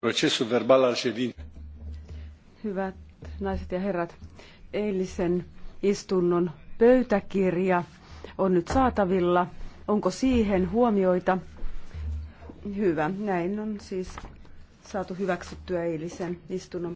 Procesul verbal Hyvät naiset ja herrat, eilisen istunnon pöytäkirja on nyt saatavilla. Onko siihen huomioita? Hyvä, näin on siis saatu hyväksyttyä eilisen istunnon